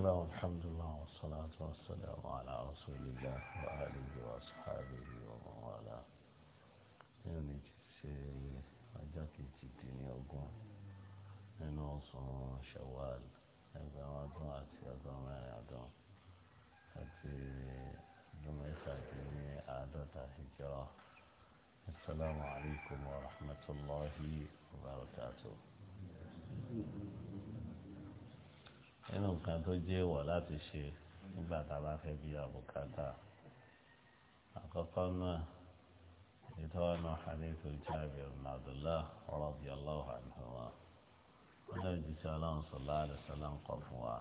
الله والحمد لله والصلاة والسلام على رسول الله وآله وأصحابه ومن والاه يعني تسيري أجاك تديني أقوم إنه صوم شوال هذا أبا وأدوم أتي أدوم أدوم أتي أدوم يخاكيني عادة هجرة السلام عليكم ورحمة الله وبركاته nínú nǹkan tó jẹ́ èèwọ̀ láti ṣe nígbà tá a bá fẹ́ bí àbùkátà àkọ́kọ́ náà ìtọ́nà hadith Jabir ibn Abdullah radiyallahu anhuma wọ́n lè jù sí aláwọ̀ sọ̀lá àdìsọ́lá ń kọ́ fún wa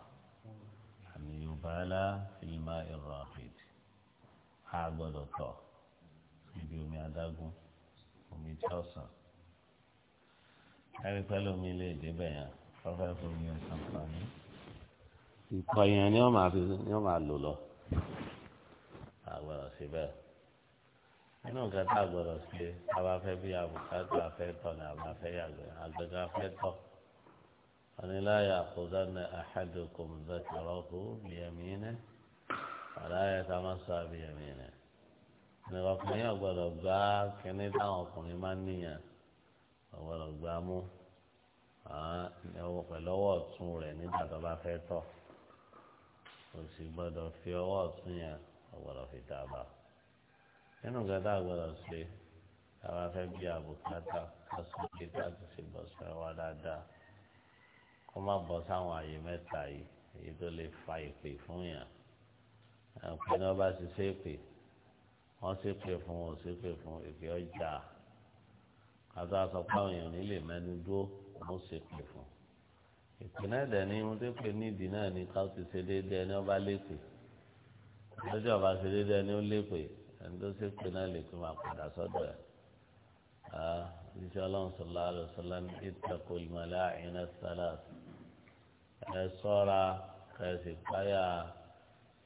àmì yubala fil ma'i rraqid a gbọ́dọ̀ tọ̀ ibi omi adágún omi tí ó sàn ẹ̀rí pẹ́lú omi ilé ìdíbẹ̀ yẹn fọ́fẹ́ fún omi ọ̀sán kan ní ìkọyìn ni wọ́n máa fi ni wọ́n máa lò lọ àgbọ̀dọ̀ sí bẹ́ẹ̀ nínú nǹkan tá a gbọ́dọ̀ ṣe a bá fẹ́ bí àbùkátà a fẹ́ tọ̀ ni a bá fẹ́ yàgbẹ́ àgbẹ̀gà fẹ́ tọ̀ oníláyà àkózánná ahadukum zakarahu biyamine ọ̀láyà tamasa biyamine nìkan ọkùnrin yóò gbọ́dọ̀ gbá kínní táwọn ọkùnrin máa ń níyàn ọ̀gbọ́dọ̀ gbá mú pẹ̀lú ọwọ́ ọ̀tún rẹ̀ nígbà tó bá fẹ́ tọ̀ kò sì gbọ́dọ̀ fi ọwọ́ ọ̀tún yẹn ọ̀gbọ́dọ̀ fi dàbà nínú gàdá àgbọ́dọ̀ ṣe àwọn afẹ́ bí àbùkátà kásìkè láti ṣe bọ̀ sọ́wọ́ dáadáa kó má bọ́ sáwọn àyè mẹ́ta yìí èyí tó lè fa ìpè fún yàn àpè náà bá ti ṣe pè wọ́n ṣe pè fún wọn ṣe pè fún ìpè ọjà àti àsọpọ̀ àwọn èèyàn nílé mẹ́nu dúró wọ́n ṣe pè fún un ìpín náà dẹ̀ ní ohun tó pè ní ìdí náà ní ká ti ṣe déédéé ẹni ọba lépè lọ́jọ́ ọba ṣe déédéé ẹni ó lépè ẹni tó ṣe pé náà lè pín máa padà sọ́dọ̀ ẹ̀ iṣẹ́ ọlọ́run sọ̀lá rẹ̀ sọ̀lá ní ìtàkùn ìmọ̀lá ìrìnà sálàs ẹ sọ́ra kẹsì páyà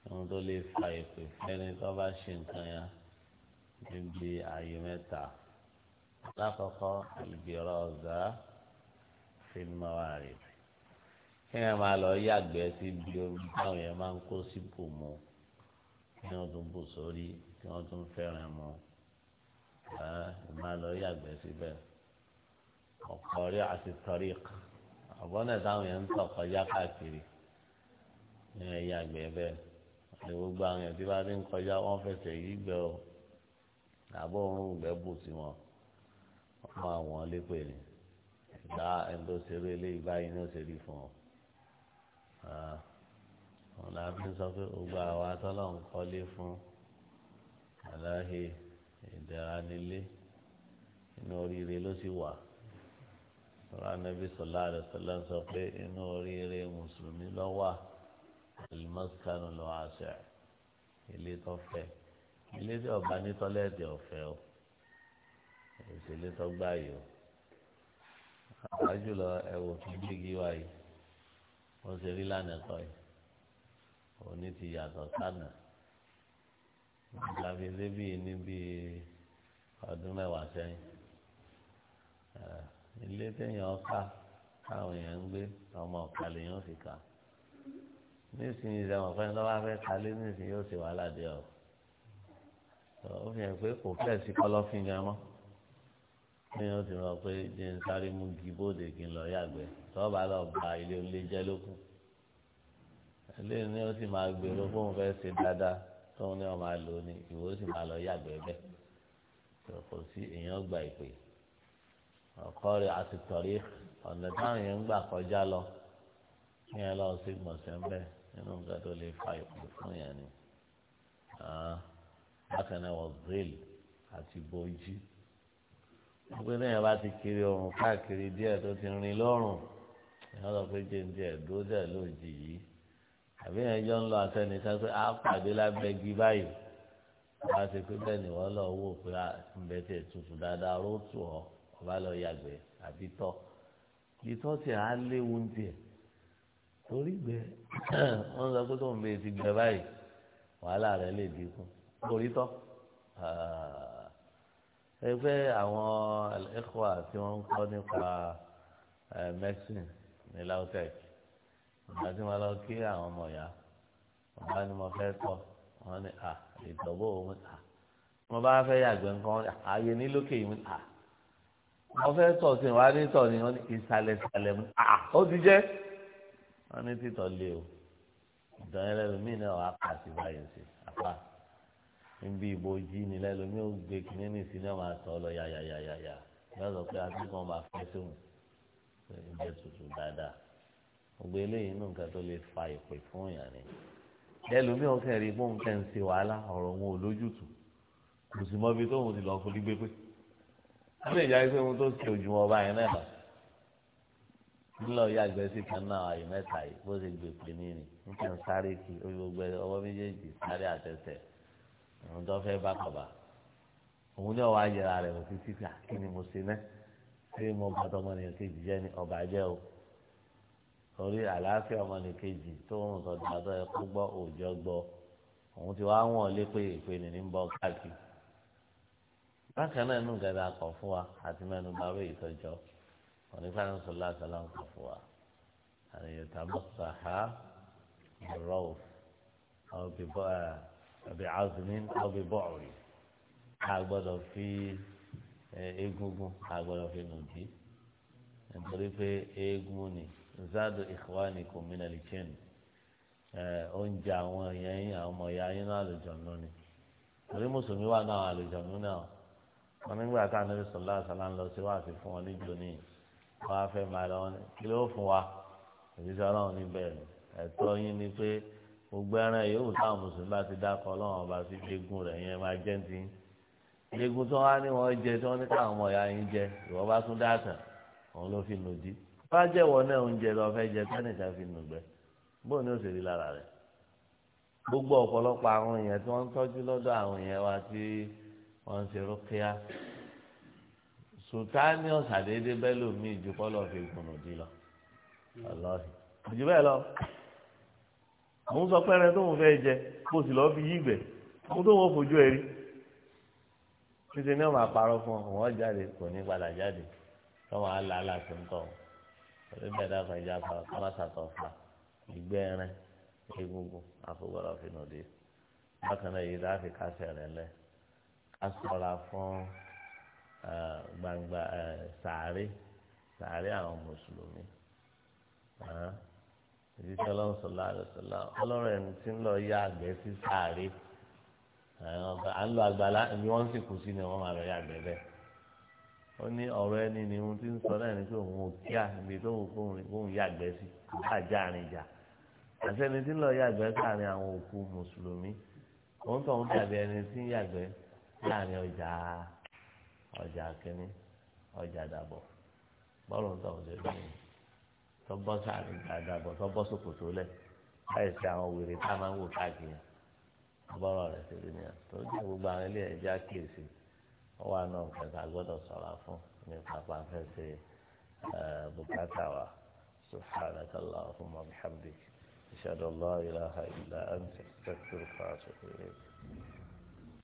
ohun tó lè fa ìpè fẹ́ni tó bá ṣe nǹkan yẹn níbi ààyè mẹ́ta lákọ̀ọ́kọ́ ìgbèrò ọ̀gá fílmù kéèyàn máa lọ yàgbẹ́ sí bí omi táwọn yẹn máa ń kó sí bò mu kí wọ́n tún bò sórí kí wọ́n tún fẹ́ràn mu ẹ máa lọ yàgbẹ́ síbẹ̀ ọ̀pọ̀ rí àti tọ́rí àbọ̀nà táwọn yẹn ń tọ̀ kọjá káàkiri ní ẹ yàgbẹ́ bẹ́ẹ̀ ní gbogbo àwọn yẹn tí bá ti ń kọjá wọ́n fẹsẹ̀ yí gbẹ́ o àbọ̀ òórùn gbẹ́ bù sí wọn wọ́n máa wọ́n lépè ní ìgbà ẹni tó ṣeré eléyìí báyìí ní ó ṣe rí fún ọ wọn ah, là fi sọ pé gbogbo àwa tọ́lọ́hún kọ́lé fún aláhe ìdẹ̀ra nílé inú oríire ló sì wà sọlá nàbí sọlá rẹ sọlá sọ pé inú oríire mùsùlùmí lọ wà alimọ́síkánù lọ àṣẹ ilé tó fẹ́ ilé tí ọba ní ọ̀fẹ́ o òṣèlú tó gbáyé o àjùlọ ẹ̀wò tó gbégi wáyé wọ́n ṣe rí lánàá sọ yìí òní ti yàtọ̀ sánà ìgbàgbé débì níbi ọdún mẹ́wàá sẹ́yìn ilé téèyàn ọ̀ka táwọn èèyàn ń gbé ọmọ ọ̀ka lèèyàn sì kà nísìnyí ìṣẹ̀wọ̀n fẹ́ni tó bá fẹ́ kalé nísìnyí yóò ṣe wàhálà dé ọ̀ ó fi hàn pé kò fẹ́ẹ̀ sí kọ́lọ́fín gan mọ́ lẹ́yìn ó ti rọ pé jẹ́ ń sáré mú gi bóde kí n lọ yàgbẹ́ tọ́ba lọ ba ilé olè jẹ́ lókun eléyìí ni ó sì máa gbèrò fóun fẹ́ ṣe dáadáa tóun ní wọn máa lò ní ìwọ ó sì máa lọ yàgbẹ́ bẹ́ẹ̀ kò sí èèyàn gba ìpè ọkọ rẹ àti tọ̀rí ọ̀nà táwọn èèyàn ń gbà kọjá lọ kí yẹn lọ sí gbọ̀nsẹ̀ ń nínú nǹkan tó lè fa ìpè fún yẹn ni bákan náà wọ́n grill àti bojú pé lẹ́yìn bá ti kiri ọrùn káàkiri díẹ̀ tó ti rin lọ́rùn ìyá lọ pé jẹun díẹ̀ dúró díẹ̀ lójì yìí àbí yẹn jọ ń lọ àtẹni sá pé á pàdé lábẹ́gi báyìí wọ́n á ti pé bẹ́ẹ̀ ni wọ́n lọ wò pé ǹbẹ tiẹ̀ tutù dáadáa ró tù ọ́ ọba lọ yàgbẹ́ àbí tọ́ ìtọ́ tiẹ̀ á léwu ń tiẹ̀ torí gbẹ wọ́n sọ pé tóun bẹ́ẹ̀ ti gbẹ báyìí wàhálà rẹ̀ lè dínkù orí tọ́ ẹgbẹ́ àwọn ẹ̀kọ́ tí wọ́n ń kọ́ nípa mẹ́sìn ní LAUTECH ìgbà tí wọ́n lọ kí àwọn ọmọ ìyá wọ́n bá ní mo fẹ́ kọ́ wọ́n ní à ìtọ́wò òun à mo bá fẹ́ yàgbẹ́ nǹkan ààyè ní lókè yìí à mo fẹ́ tọ̀ sí wa ní tọ̀ ni wọ́n ní ìsàlẹ̀ ìsàlẹ̀ mu à ó ti jẹ́ wọ́n ní títọ̀ lé o ìdánilẹ́rù míì náà wà á kà báyìí sí apá níbi ìbòjì nílẹ̀ lómi ò gbé kínní ní ìsinmi ọmọ àtọ̀ ọ lọ yàyàyàyà lọ́sọ̀ pé akẹ́kọ̀ọ́ máa fẹ́ sóhun ìjẹ tuntun dáadáa gbogbo eléyìí nù nǹkan tó lè fa ìpè fún yàn ni ẹlòmíì ọ̀sẹ̀ rí bóun kẹ́ ń ṣe wàhálà ọ̀rọ̀ wọn ò lójútùú kò sì mọ ibi tóun ti lọ́ọ́ forí gbé pé wọ́n lè jáde pé ohun tó ṣe ojú wọn báyìí náà ńlọ yàgbẹ́ sí kan náà àyè mẹ́ta yìí bó ṣe gbèpè ní ni sáré kí ojú gbogbo ọwọ́ méjèèjì sáré àtẹ̀tẹ̀ àwọn tó fẹ́ bá kọ̀bà òun náà wàá yẹra rẹ̀ òfin títà kí ni mo ṣe náà ṣé mo bá tọmọnìyàn kejì jẹ́ ni ọba jẹ́ o torí àlàáfíà ọmọnìyàn kejì tó ń sọ dáadọ́ ẹ kó gbọ́ òòjọ́ gbọ́ òun ti wá wọ̀n lé pé ìpè ní ń bọ́ káàkiri bákan náà nù gàdá kọ̀ fún wa àti mẹ́nu bá wé ìtọ́jọ́ onífàánù sọlá kọ̀ fún wa àyè tàbí sàhá ìrọ̀ òf àbí azmin àbí bọ́ọ̀rì a gbọ́dọ̀ fi e, egungun a gbọ́dọ̀ fi nùdí nítorí pé eegun ni zadu ikhwani kò mí nàlí chain e, oúnjẹ àwọn èèyàn yín àwọn ọmọ ìyá yín náà àlùjọ̀nù ni torí mùsùlùmí wà náà àlùjọ̀nù náà wọn nígbà tá a níbi sọlá sàlá ń lọ sí wàá fi fún wọn níjó ní wọn á fẹ́ máa lọ wọn kí ló fún wa òṣìṣẹ́ ọlọ́run níbẹ̀ ẹ̀tọ́ yín ni pé gbogbo ẹran yòówù táwọn mùsùlùmí bá ti dákọ ọlọ́run ọba sí gbégún rẹ̀ yẹn máa jẹ́ ti gbégún tó wá ní wọ́n jẹ tí wọ́n ní káwọn ọmọ ìyá yín jẹ ìwọ́n bá tún dáàtàn òun ló fi nùdí bá jẹ́wọ́ náà oúnjẹ lọ fẹ́ jẹ tẹ́nìkan fi nùgbẹ́ bóun ni ó sì rí lára rẹ̀ gbogbo ọ̀pọ̀lọpọ̀ àwọn èèyàn tí wọ́n ń tọ́jú lọ́dọ̀ àwọn èèyàn wa tí wọ́n ń ṣe rókíá sultani ọ̀sàdédé bẹ́lòmíì ju kọ́lọ́ fi gùn nùdí lọ ọlọ́ọ̀hìn àwọn sọ pẹ́rẹ́ tó ń fẹ́ jẹ kó sì lọ́ọ́ fi yí ìgbẹ́ àwọn tó wọ́n fojú ẹ̀ rí títí ní ọmọ àparọ́ fún ọ wọ́n jáde kò ní padà jáde tọ́wọ́ á là á là tó ń tọ̀ pẹ̀lú bẹ́ẹ̀dá kan ìjà pa kọ́másàtọ̀ fà ìgbẹ́ ẹran egungun àfọwọ́rọ̀ fínú bákan náà yìí láti kásẹ̀ rẹ̀ lẹ̀ ká fún gbangba sàárè sàárè àwọn mùsùlùmí ìdíṣẹ́ ọlọ́run sọ̀lá àlùsọ̀lá ọlọ́run ẹni tí ń lọ yá àgbẹ̀ sí sáré à ń lọ àgbàlá ni wọ́n sì kú sí ni wọ́n máa lọ yá àgbẹ̀ bẹ́ẹ̀ ó ní ọ̀rọ̀ ẹni ni ohun tí ń sọ náà ni pé òun ò kíá ibi tó wù kóun yá àgbẹ̀ sí bá já àrìn jà àtẹni tí ń lọ yá àgbẹ̀ sáàrin àwọn òkú mùsùlùmí òun tó ń dàbí ẹni tí ń yàgbẹ́ láàrin ọjà ọjà kínní ọjà dàbọ̀ bọ́ọ̀lù ń ṣe bẹ́ẹ̀ tọ́gbọ́ sàrin dáadáa bọ̀ tọ́gbọ́ sòkòtò lẹ̀ láì sí àwọn wèrè tá a máa ń wò káàkiri ọgbọ́rọ̀ rẹ̀ sí ní tó jẹ́ gbogbo àwọn ilé ẹ̀jẹ̀ àkíyèsí wọ́n wà náà kẹta gbọ́dọ̀ sọ̀rọ̀ fún nípa pàfẹ́ ṣe bùkátà wa subhanaka allahumma bihamdik ashhadu an la ilaha illa anta astaghfiruka wa atubu ilayk.